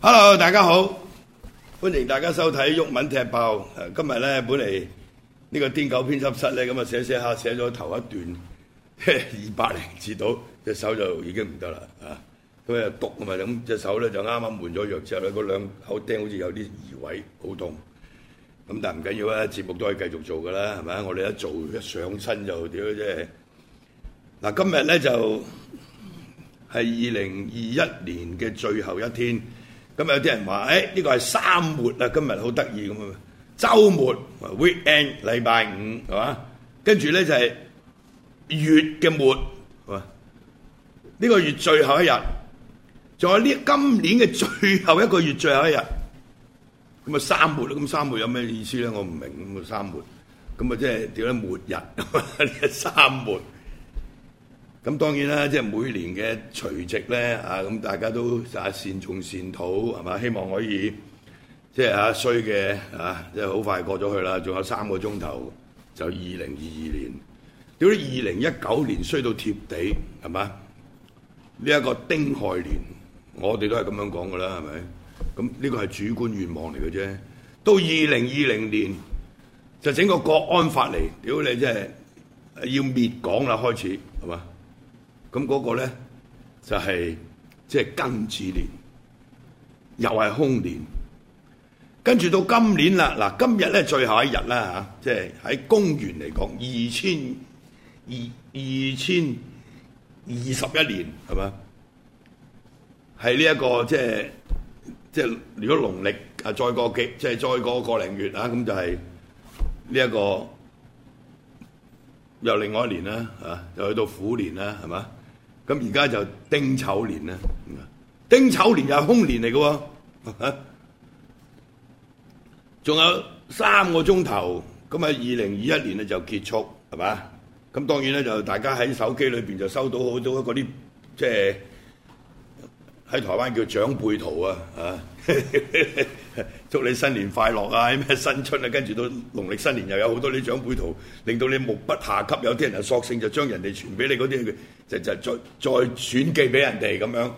Hello 大家好，歡迎大家收睇《毓民踢爆》。今日咧，本嚟呢個癲狗編輯室咧，咁啊寫寫下寫咗頭一段，二百零字到，隻手就已經唔得啦啊！咁啊篤啊嘛，咁隻手咧就啱啱換咗藥之後咧，嗰兩口釘好似有啲移位，好痛。咁但係唔緊要啊，節目都係繼續做㗎啦，係咪？我哋一做一上身就屌，真係。嗱，今日咧就係二零二一年嘅最後一天。今日有啲人話，誒呢個係三末啊！今日好得意咁啊！週末，weekend，禮拜五係嘛？跟住咧就係月嘅末係嘛？呢個月最後一日，仲有呢今年嘅最後一個月最後一日，咁啊三末咯。咁三末有咩意思咧？我唔明咁嘅三末，咁啊即係點樣末日啊呢個三末？咁當然啦，即係每年嘅除夕咧，啊咁大家都啊善頌善禱係嘛，希望可以即係啊衰嘅啊，即係好快過咗去啦，仲有三個鐘頭就二零二二年，屌你二零一九年衰到貼地係嘛？呢一個丁亥年，我哋都係咁樣講㗎啦，係咪？咁呢個係主觀願望嚟嘅啫。到二零二零年就整個國安法嚟，屌你即係要滅港啦，開始係嘛？是吧？咁嗰個咧就係即係庚子年，又係空年，跟住到今年啦嗱，今日咧最後一日啦吓，即係喺公元嚟講二千二二千二十一年係嘛？喺呢一個即係即係如果農曆啊再過幾即係、即係、再過個零月啊咁就係呢一個、即係呢個、又另外一年啦嚇，又去到虎年啦係嘛？係嘛咁而家就丁丑年啦，丁丑年又係空年嚟㗎喎，仲有三個鐘頭，咁啊二零二一年呢就結束係咪？咁當然呢，就大家喺手機裏面就收到好多嗰啲即係。喺台灣叫長輩圖啊，嚇！祝你新年快樂啊！咩新春啊，跟住到農曆新年又有好多啲長輩圖，令到你目不暇給。有啲人就索性就將人哋傳俾你嗰啲，就就再就再轉寄俾人哋咁樣。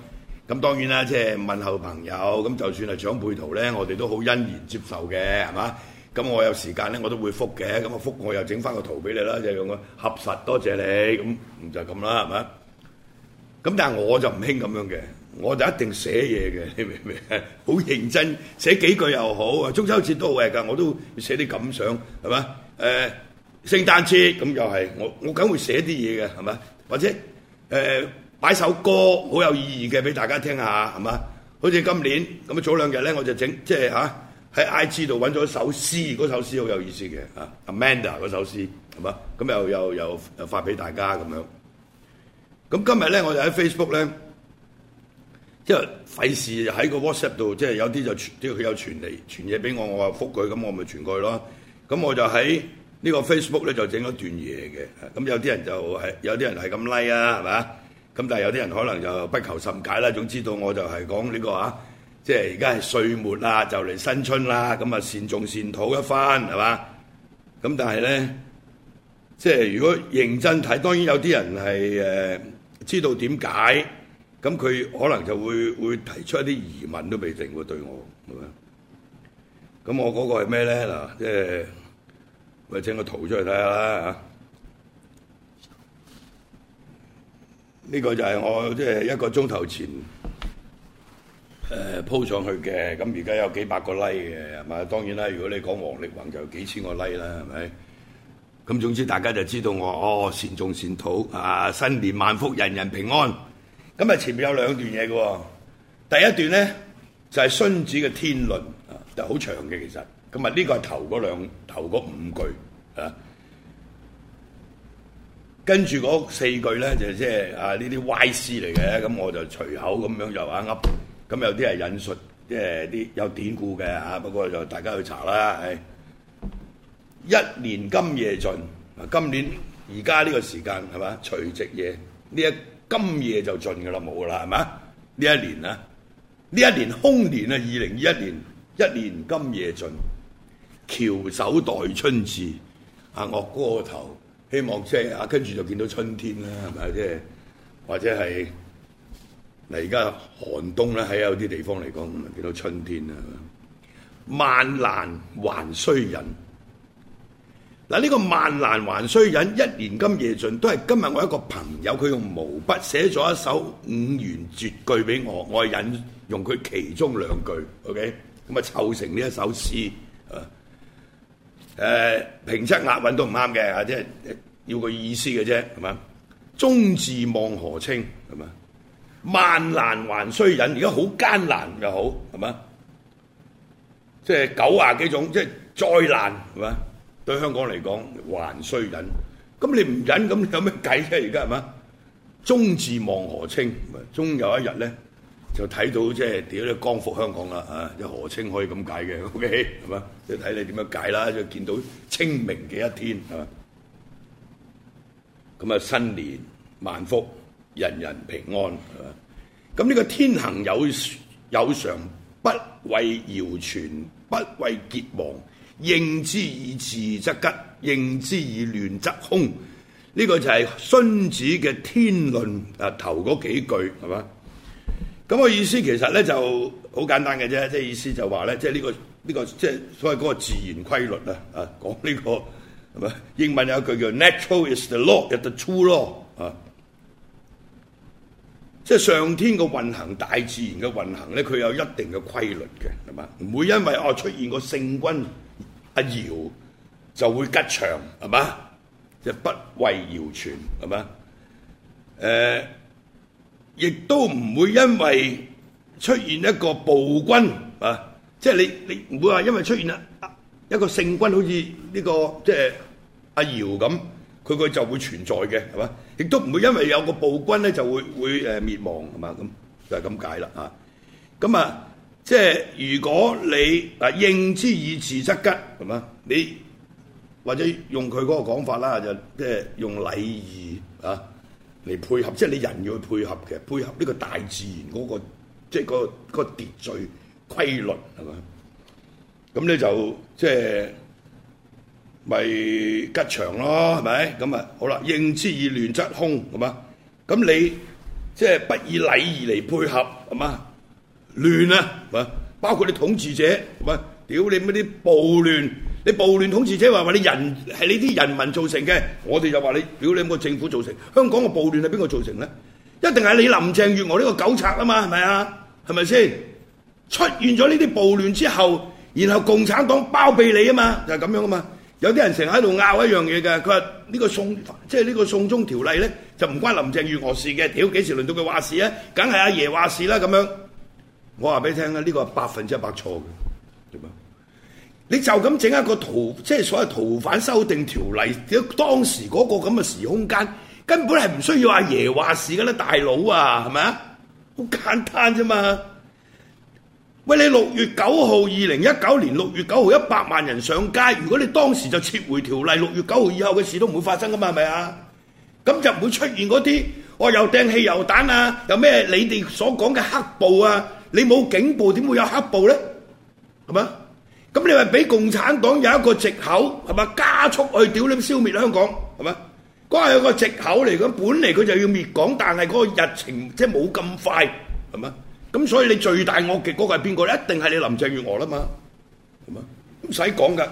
咁當然啦，即係問候朋友。咁就算係長輩圖咧，我哋都好欣然接受嘅，係嘛？咁我有時間咧，我都會復嘅。咁我復我又整翻個圖俾你啦，就用個合實。多謝你咁就咁啦，係咪？咁但係我就唔興咁樣嘅。我就一定寫嘢嘅，你明唔明？好認真寫幾句又好，中秋節都好㗎，我都寫啲感想，係嘛？誒、呃，聖誕節咁又係，我我梗會寫啲嘢嘅，係嘛？或者誒，擺、呃、首歌好有意義嘅俾大家聽下，係嘛？好似今年咁啊，早兩日咧我就整即係吓，喺 I G 度揾咗首詩，嗰首詩好有意思嘅 Amanda 嗰首詩係嘛？咁又又又又發俾大家咁樣。咁今日咧，我就喺 Facebook 咧。即係費事喺個 WhatsApp 度，即係有啲就啲佢有傳嚟，傳嘢俾我，我話覆佢，咁我咪傳佢咯。咁我就喺呢個 Facebook 咧，就整咗段嘢嘅。咁有啲人就係有啲人係咁 like 啊，係嘛？咁但係有啲人可能就不求甚解啦。總之到我就係講呢個啊，即係而家係歲末啦，就嚟新春啦，咁啊善頌善禱一番係嘛？咁但係咧，即係如果認真睇，當然有啲人係知道點解。咁佢可能就會會提出一啲疑問都未定喎，對我咁樣，咁我嗰個係咩咧嗱？即係我整個圖出嚟睇下啦嚇，呢個就係我即係一個鐘頭前誒鋪、呃、上去嘅，咁而家有幾百個 like 嘅，係咪？當然啦，如果你講王力宏就有幾千個 like 啦，係咪？咁總之大家就知道我哦善種善土啊，新年萬福，人人平安。咁啊，前面有兩段嘢嘅喎，第一段咧就係荀子嘅《天論》，啊，就好長嘅其實，咁啊呢個係頭嗰兩頭嗰五句，啊，跟住嗰四句咧就即係啊呢啲歪詩嚟嘅，咁我就隨口咁樣又啊噏，咁有啲係引述，即係啲有典故嘅嚇，不過就大家去查啦，係一年今夜盡，啊，今年而家呢個時間係嘛除夕夜呢一。今夜就盡㗎啦，冇啦，係咪？呢一年啊，呢一年空年啊，二零二一年，一年今夜盡，翹首待春至，啊樂歌頭，希望即係啊跟住就見到春天啦，係咪啊？即係或者係嗱，而家寒冬咧，喺有啲地方嚟講，咁啊見到春天啦，萬難還須忍。嗱，呢個萬難還須忍，一年今夜盡，都係今日我一個朋友，佢用毛筆寫咗一首五言絕句俾我，我係引用佢其中兩句，OK，咁啊湊成呢一首詩啊，誒平仄押韻都唔啱嘅，即係要個意思嘅啫，係嘛？終自望河清，係嘛？萬難還須忍，而家好艱難又好，係嘛？即係九啊幾種，即係災難，係嘛？對香港嚟講，還須忍。咁你唔忍，咁有咩計啫？而家係嘛？終自望河清，終有一日咧，就睇到即係屌咧光復香港啦嚇！即、啊、河清可以咁解嘅，OK 係嘛？即睇你點樣解啦。即、okay？係見到清明嘅一天嚇，咁啊新年萬福，人人平安嚇。咁呢個天行有有常，不畏妖傳，不畏結亡。應之以治則吉，應之以亂則凶。呢、這個就係荀子嘅天論啊頭嗰幾句係嘛？咁我、那個、意思其實咧就好簡單嘅啫，即係意思就話咧，即係呢個呢、這個即係所謂嗰個自然規律啦。啊，講呢、這個係咪英文有一句叫 “natural is the law is the true law” 咯？啊，即係上天嘅運行，大自然嘅運行咧，佢有一定嘅規律嘅，係嘛？唔會因為哦出現個聖君。阿堯就會吉祥係嘛？即係、就是、不為堯存係嘛？誒，亦都唔會因為出現一個暴君啊，即係、就是、你你唔會話因為出現啊一個聖君，好似呢、這個即係、就是、阿堯咁，佢佢就會存在嘅係嘛？亦都唔會因為有個暴君咧就會會誒滅亡係嘛？咁，就係咁解啦啊！咁啊～即係如果你啊應之以辭則吉，係嘛？你或者用佢嗰個講法啦，就即、是、係用禮儀啊嚟配合，即、就、係、是、你人要去配合嘅，配合呢個大自然嗰、那個即係、就是那個、那個秩序規律係嘛？咁咧就即係咪吉祥咯？係咪？咁啊好啦，應之以亂則凶，係嘛？咁你即係、就是、不以禮儀嚟配合，係嘛？亂啊，包括你統治者，係，屌你乜啲暴亂，你暴亂統治者話話你人係你啲人民造成嘅，我哋就話你屌你個政府造成，香港嘅暴亂係邊個造成咧？一定係你林鄭月娥呢個狗賊啊嘛，係咪啊？係咪先？出現咗呢啲暴亂之後，然後共產黨包庇你啊嘛，就係、是、咁樣啊嘛。有啲人成日喺度拗一樣嘢嘅，佢話呢個送即係呢個送中條例咧，就唔關林鄭月娥事嘅，屌幾時輪到佢話事啊？梗係阿爺話事啦，咁樣。我話俾你聽啊呢個係百分之一百錯嘅點啊！你就咁整一個逃，即係所謂逃犯修訂條例。喺當時嗰個咁嘅時空間，根本係唔需要阿爺話事㗎喇，大佬啊，係咪啊？好簡單啫嘛！喂，你六月九號二零一九年六月九號一百萬人上街，如果你當時就撤回條例，六月九號以後嘅事都唔會發生㗎嘛？係咪啊？咁就唔會出現嗰啲我又掟汽油彈啊，又咩你哋所講嘅黑暴啊？你冇警暴，點會有黑暴呢？係嘛？咁你話俾共產黨有一個藉口係嘛？加速去屌你，消滅香港係嘛？嗰係一個藉口嚟嘅，本嚟佢就要滅港，但係嗰個日程即係冇咁快係嘛？咁所以你最大惡極嗰個係邊個？一定係你林鄭月娥啦嘛？係嘛？唔使講㗎。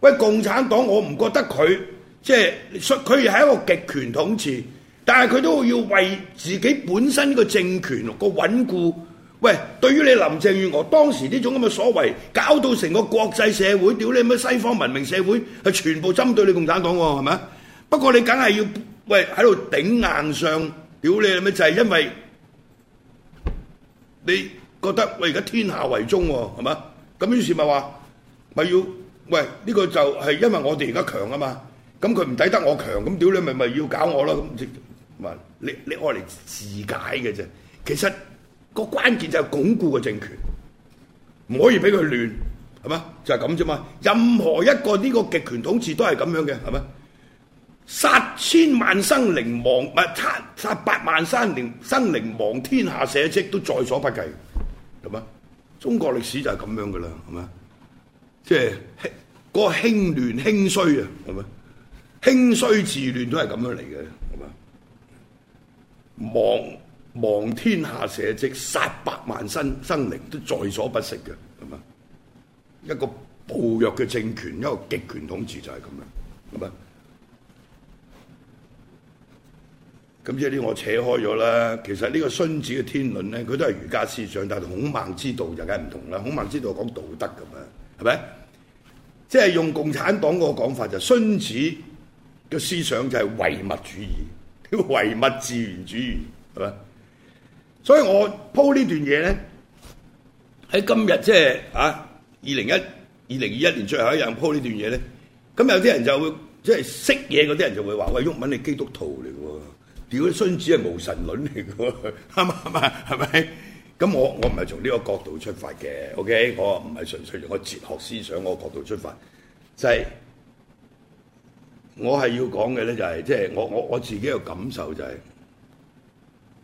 喂，共產黨，我唔覺得佢即係佢係一個極權統治，但係佢都要為自己本身呢個政權個穩固。喂，對於你林鄭月娥當時呢種咁嘅所為，搞到成個國際社會，屌你咩西方文明社會係全部針對你共產黨喎，係咪啊？不過你梗係要喂喺度頂硬上，屌你乜就係、是、因為你覺得喂而家天下為中喎，係咪啊？咁於是咪話咪要喂呢、這個就係因為我哋而家強啊嘛，咁佢唔抵得我強，咁屌你咪咪要搞我啦，咁即係你你開嚟自解嘅啫，其實。個關鍵就係鞏固個政權，唔可以俾佢亂，係嘛？就係咁啫嘛。任何一個呢個極權統治都係咁樣嘅，係嘛？殺千萬生靈亡唔係殺殺八萬生靈生靈亡天下社稷都在所不計，係嘛？中國歷史就係咁樣噶啦，係嘛？即係興個興亂興衰啊，係嘛？興衰治亂都係咁樣嚟嘅，係嘛？亡。望天下社稷，殺百萬生生靈，都在所不惜嘅，係嘛？一個暴虐嘅政權，一個極權統治就係咁樣，係咪？咁即係呢？我扯開咗啦。其實呢個荀子嘅天論咧，佢都係儒家思想，但係孔孟之道就梗係唔同啦。孔孟之道講道德咁啊，係咪？即係用共產黨嗰個講法，就荀子嘅思想就係唯物主義，叫唯物自然主義，係咪？所以我鋪呢段嘢咧，喺今日即係啊，二零一二零二一年最後一樣鋪呢段嘢咧。咁有啲人就會即係識嘢嗰啲人就會話：喂，毓民你基督徒嚟嘅喎，屌孫子係無神論嚟嘅喎，啱唔啱？係咪？咁我我唔係從呢個角度出發嘅，OK？我唔係純粹從我哲學思想嗰個角度出發，就係，我係要講嘅咧，就係即係我我我自己嘅感受就係。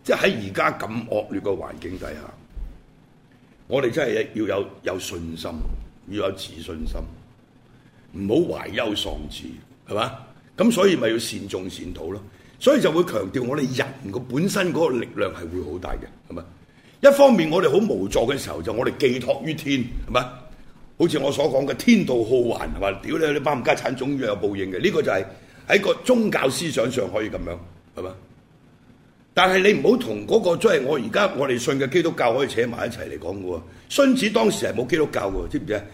即係喺而家咁惡劣嘅環境底下，我哋真係要有有信心，要有自信心，唔好懷憂喪志，係嘛？咁所以咪要善種善導咯。所以就會強調我哋人個本身嗰個力量係會好大嘅，係嘛？一方面我哋好無助嘅時候，就我哋寄託於天，係嘛？好似我所講嘅天道好還，係嘛？屌你你啲冚家鏟，總要有報應嘅。呢個就係喺個宗教思想上可以咁樣，係嘛？但係你唔好同嗰個即係我而家我哋信嘅基督教可以扯埋一齊嚟講喎，荀子當時係冇基督教喎，知唔知啊？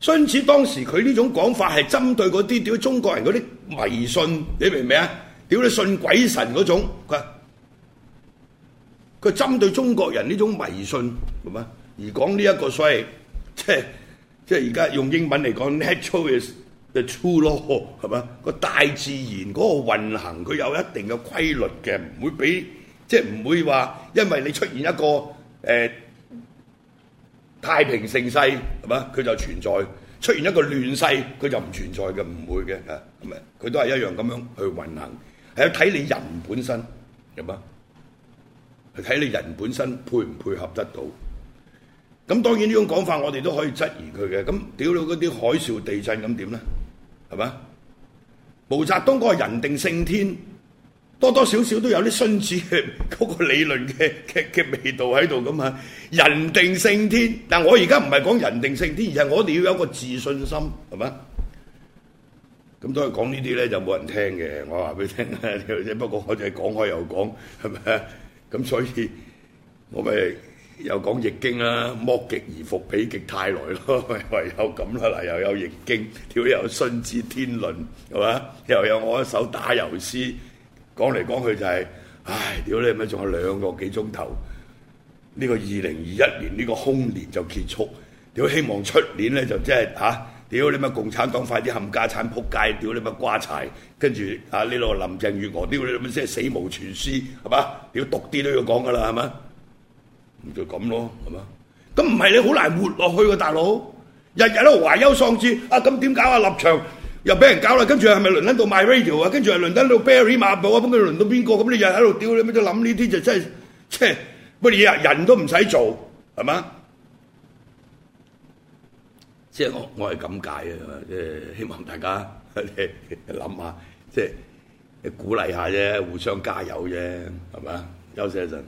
荀子當時佢呢種講法係針對嗰啲屌中國人嗰啲迷信，你明唔明啊？屌你信鬼神嗰種佢針對中國人呢種迷信，明白、這個？而講呢一個所謂即即係而家用英文嚟講 natural 嘅。就粗咯，係嘛？個大自然嗰個運行，佢有一定嘅規律嘅，唔會俾即係唔會話，因為你出現一個誒太平盛世，係嘛？佢就存在；出現一個亂世，佢就唔存在嘅，唔會嘅，係咪？佢都係一樣咁樣去運行，係要睇你人本身，係嘛？去睇你人本身配唔配合得到。咁當然呢種講法，我哋都可以質疑佢嘅。咁屌到嗰啲海嘯、地震咁點咧？係嘛？毛澤東嗰個人定勝天，多多少少都有啲孫子嘅嗰個理論嘅嘅嘅味道喺度咁啊！人定勝天，但我而家唔係講人定勝天，而係我哋要有一個自信心，係嘛？咁都係講呢啲咧，就冇人聽嘅。我話俾你聽啊，不過我哋講開又講，係咪？咁所以我咪、就是。又講易經啦，剝極而復，否極泰來咯，唯有咁啦嗱，又有易經，屌又有信《新知天倫》，係嘛？又有我一首打油詩，講嚟講去就係、是，唉，屌你咪仲有兩個幾鐘頭，呢、這個二零二一年呢個空年就結束，屌希望出年咧就即係嚇，屌你乜共產黨快啲冚家產，撲街，屌你乜瓜柴，跟住啊呢個林鄭月娥，屌你咪即係死無全屍，係嘛？屌讀啲都要講噶啦，係嘛？就咁咯，係嘛？咁唔係你好難活落去嘅大佬，日日都懷憂喪志。啊，咁點搞啊立場？又俾人搞啦，跟住係咪輪到 MyRadio 啊？跟住係輪到 berry 馬步啊？咁佢輪到邊個？咁、啊、你日日喺度屌你乜就諗呢啲，就真係，切乜嘢啊？人都唔使做，係嘛？即係我我係咁解嘅，即、就、係、是、希望大家諗 下，即、就、係、是、鼓勵下啫，互相加油啫，係嘛？休息一陣。